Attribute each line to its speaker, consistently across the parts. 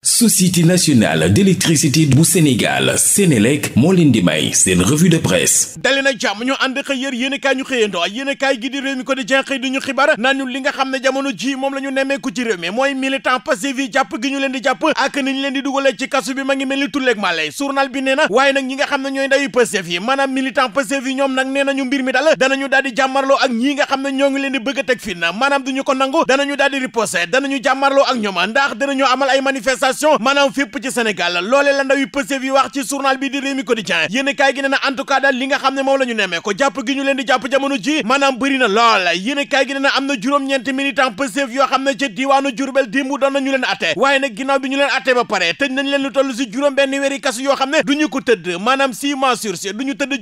Speaker 1: société nationale d'électricité bu Sénégal Sénélec moo leen di may seen revue de presse dali na jàmm ñu ànd xëy yér yéen i kaay ñu xëyandoo yéen i kaay gi di réew mi ko di jenxëy di ñu xibaar naan li nga xam ne jamono ji moom la nemmeeku ci réew mi mooy militant Pastef yi jàpp gi ñu leen di jàpp ak ni ñu leen di dugalee ci kasu bi ma ngi mel ni tulleeg màlle journal bi nee na waaye nag ñi nga xam ne ñooy ndawi Pastef yi maanaam militant Pastef yi ñoom manifestation maanaam fépp ci Sénégal loole la ndaw yi Pastef yi wax ci journal bi di Rewmi Quotidien yéen kaay gi nee na en li nga xam ne moom la ñu ko jàpp gi ñu leen di jàpp jamono ji maanaam bëri na lool yéen kaay gi am na juróom-ñeenti militant Pastef yoo xam ne ca diiwaanu Jurbel démb doon na ñu leen waaye nag ginnaaw bi ñu leen atte ba pare tëj nañ leen lu toll si juróom benn weeri kasu yoo xam ne du ñu ko tëdd maanaam six mois du ñu tëdd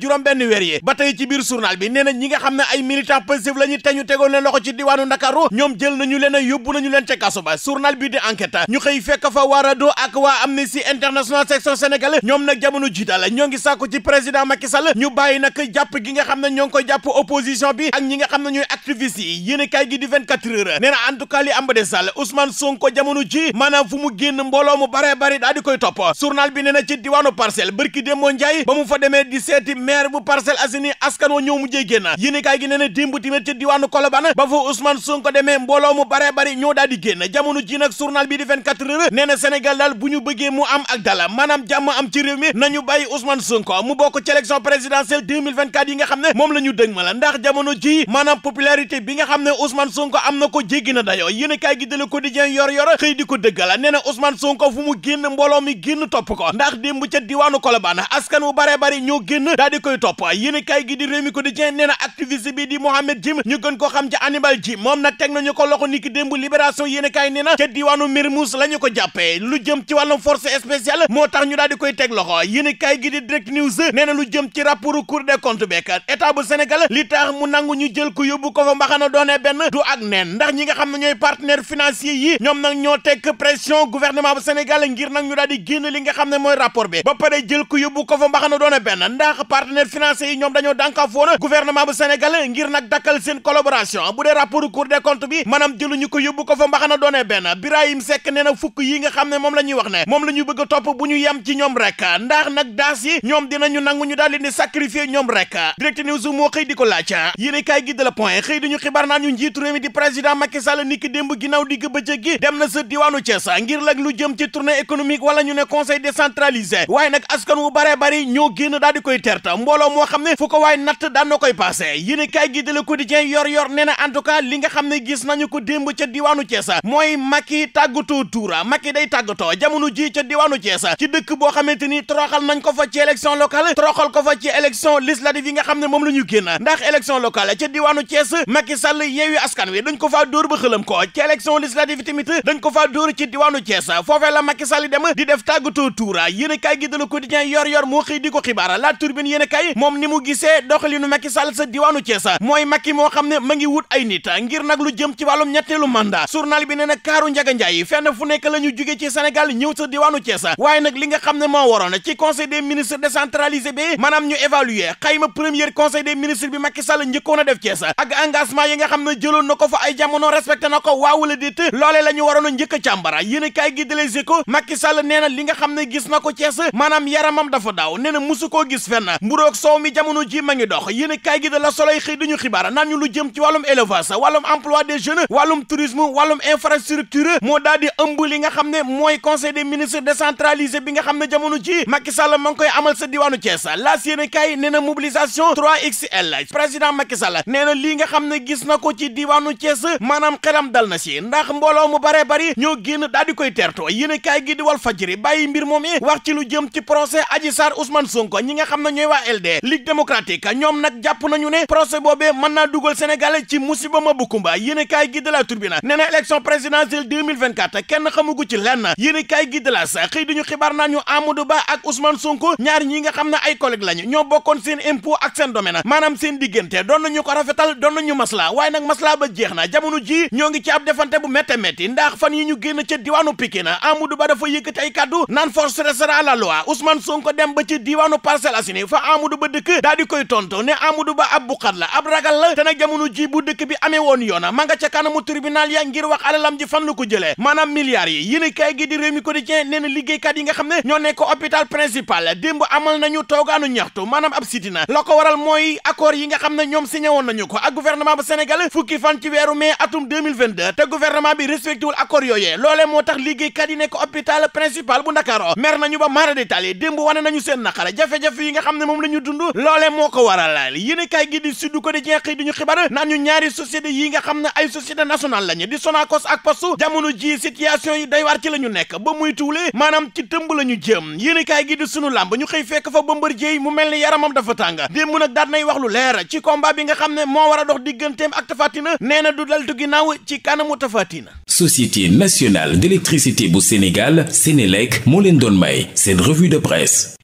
Speaker 1: waa RADDHO ak waa Amnesty International section Sénégal ñoom nag jamono ji daal ñoo ngi sàkku ci président Macky Sall ñu bàyyi nag jàpp gi nga xam ne ngi xam ne ñooy activiste yi yéen kay gi di 24 heures nee na en tout cas li am ba ji maanaam fu mu génn mbooloo mu baree bari di koy topp journal bi nee na ci diwaanu Parcelles bërki démoo Ndiaye ba mu fa demee di seeti maire bu Parcelles Assainies askan wa ñëw mujjee génn yéen kay gi nee na démb ci diwaanu Sénégal daal bu ñu bëggee mu am ak dala maanaam jàmm am ci réew mi nañu bàyyi Ousmane Sonko mu bokk ci élection présidentielle 2024 yi nga xam ne moom la ñu dëg ma la ndax jamono ji maanaam popularité bi nga xam ne Ousmane Sonko am na ko jéggi na dayoo yéen kaay gi de Le Quotidien yor yor xëy di ko dëggal nee na Ousmane Sonko fu mu génn mbooloo mi génn topp ko ndax démb ca diwaanu Colobane askan wu bare bare ñoo génn daal di koy topp yéen kaay gi di réew mi Quotidien nee na activiste bi di Mohamed Jim ñu gën ko xam ci Hannibal Jim moom nag teg nañu ko loxo niki démb Libération yéen kaay na ca diwaanu Mermoz la ñu ko jàppee loolee lu jëm ci wàllum force spéciale moo tax ñu daal di koy teg loxo yéen kaay gi di direct news nee na lu jëm ci rapport cour des comptes beek état bu Sénégal li tax mu nangu ñu jël ko yóbbu ko fa mbaxana doonee benn du ak neen ndax ñi nga xam ne ñooy partenaire financier yi ñoom nag ñoo teg pression gouvernement bu Sénégal ngir nag ñu daal di génn li nga xam ne mooy rapport bi ba pare jël ko yóbbu ko fa mbaxana doone benn ndax partenaire financier yi ñoom dañoo dànkaafoon gouvernement bu Sénégal ngir nag dakkal seen collaboration bu dee rapport cour des comptes bi maanaam ñu ko yóbbu ko fa mbaxana doone benn Birahim Seck nee fukk yi nga xam xam moom la ñuy wax ne moom lañuy ñuy bëgg a topp bu ñu yem ci ñoom rek ndax nag daas yi ñoom dinañu nangu ñu daal leen ñoom rek direct news moo xëy di ko laaj yéene kaay gi de la point xëy dañu xibaar naan ñu njiitu réew mi di président Macky Sall niki démb ginnaaw digg bëccëg gi dem na sa diwaanu Thiès ngir lak lu jëm ci tournée économique wala ñu ne conseil décentralisé waaye nag askan wu bare bari ñoo génn daal di koy terta mbooloo moo xam ne fu ko waaye natt daan na koy passé yéene kaay gi de yor yor nee na li nga xam ne gis nañu ko démb ca diwaanu Thiès mooy Macky tàggatoo tuura Macky day tàggatoo jamono ji ca diwaanu Thiès ci dëkk boo xamante ni toroxal nañ ko fa ci élection locale toroxal ko fa ci élection législative yi nga xam ne moom la ñu ndax élection locale ca diwaanu Thiès Macky Sall yeewi askan wi dañ ko faa dóor ba xëlam ko ci élection législative tamit dañ ko faa dóor ci diwaanu Thiès foofee la Macky Sall dem di def tàggatoo tuura yéen a kaay gi de Le yor yor moo xëy di ko xibaar La Tribune yéen a ni mu ci Sénégal ñëw sa diwaanu Thiès waaye nag li nga xam ne moo waroon ci conseil des ministres décentralisé bi maanaam ñu évaluer xayma premier conseil des ministres bi Macky Sall njëkkoon def Thiès ak engagement yi xam ne jëloon na ay jamono respecté na ko waaw wala déet loolee la ñu waroon a njëkk a càmbara yéen a kaay gi de Les li nga xam ne gis na ko Thiès maanaam yaramam dafa daaw nee na musu koo gis fenn soow mi jamono ji ma ñu mooy conseil ministre ministres décentralisé bi nga xam ne jamono ji Macky Sall ma ngi koy amal sa diwaanu Thiès laas yéene kaay nee na mobilisation 3XL président Macky Sall nee lii nga xam ne gis na ko ci diwaanu Thiès maanaam xelam dal na si ndax mbooloo mu baree bari ñoo génn daal di koy terto yéene kaay gi di wal fajiri bàyyi mbir moom i wax ci lu jëm ci procès Adji Sarr Ousmane Sonko ñi nga xam na ñooy waa LD Ligue démocratique ñoom nag jàpp nañu ne procès boobee mën naa dugal Sénégal ci musiba ma bu kumba yéene kaay gi de la na élection présidentielle Bougane yéen kaay gi de la sa xëy ñu Amadou ak Ousmane Sonko ñaar ñi nga xam ne ay collègue lañu ñoo bokkoon seen impôt ak seen domaine maanaam seen diggante doon nañu ko rafetal doon nañu masla waaye nag masla ba jeex na jamono ji ñoo ngi ci ab defante bu métte métti ndax fan yi ñu génn ca diwaanu Pikine Amadou Ba dafa yëkkati ay kaddu naan force restera à la loi Ousmane dem ba ci diwaanu Parcelles Assainies fa Amadou Ba dëkk daal di koy tontu ne Amadou Ba ab la ab ragal la te nag jamono ji bu dëkk bi amee woon yoona ma nga ca kanamu tribunal ya ngir wax alalam ji fan lu ko jëlee maanaam milliards yi kaay gi di Rewmi Quotidien nee na liggéeykat yi nga xam ne ñoo nekk hôpital principal démb amal nañu toogaanu ñaxtu maanaam ab sitina la ko waral mooy accord yi nga xam ne ñoom signé woon nañu ko ak gouvernement bu Sénégal fukki fan ci weeru mai atum 2022 te gouvernement bi respecté wul accord yooyee loolee moo tax liggéeykat yi nekk hôpital principal bu Ndakaaru mer nañu ba mara détaillé démb wane nañu seen naqar jafe-jafe yi nga xam ne moom la ñu dund ñu nekk ba muy tuule maanaam ci tëmb la ñu jëm yéenekaay gi di sunu làmb ñu xëy fekk fa Bombardier mu mel ni yaramam dafa tàng démb nag daat nay wax lu leer ci combat bi nga xam ne moo war a dox digganteem ak Tapha Tine nee na du daltu ginnaaw ci kanamu Tapha Tine Société nationale d'électricité bu Sénégal Sénélec moo leen doon may seen revue de presse